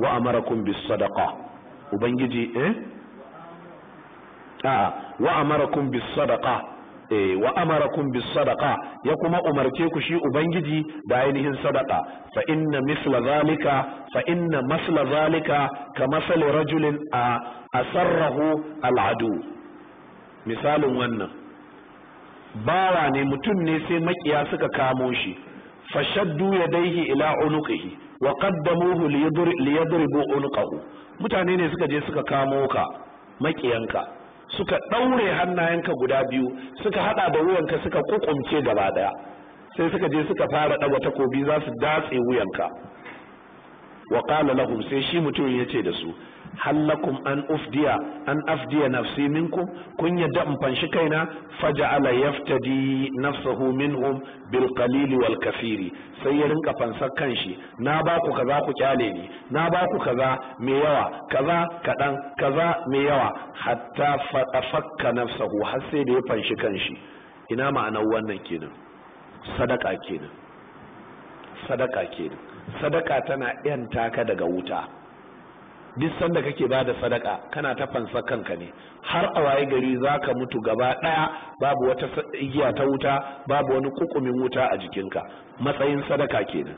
wa amarakum bis sadaqa ubangiji eh a'a wa amarakum bis sadaqa eh wa amarakum bis sadaqa ya kuma umarce ku shi ubangiji da ainihin sadaqa fa inna misla zalika fa inna masla zalika ka masal rajulin a asarrahu al'adu misalin wannan bawa ne mutum ne sai makiya suka kamo shi fashaddu daihi ila unuqihi wa qaddamuhu liyadribu unuqahu mutane ne suka je suka kamo ka makiyanka suka daure hannayenka guda biyu suka hada da wuyanka suka kukumce gaba daya sai suka je suka fara daga takobi za su datse wuyanka wa qala lahum sai shi ya ce da su hallakum an ufdiya an afdiya nafsi minkum kun yadda in fanshi kaina faja'ala yaftadi nafsahu minhum bil qalili wal kafiri sai ya rinka fansar kanshi na ba ku kaza ku kyale ni na ba ku kaza me yawa kaza kadan kaza me yawa hatta fakka nafsahu har sai da ya fanshi kanshi ina ma'anar wannan kenan sadaka kenan sadaka ke sadaka tana yan taka daga wuta duk sanda kake ba da sadaka kana ta fansa kanka ne har a waye gari za ka mutu gaba ɗaya babu wata igiya ta wuta babu wani kukumin wuta a jikinka matsayin sadaka kenan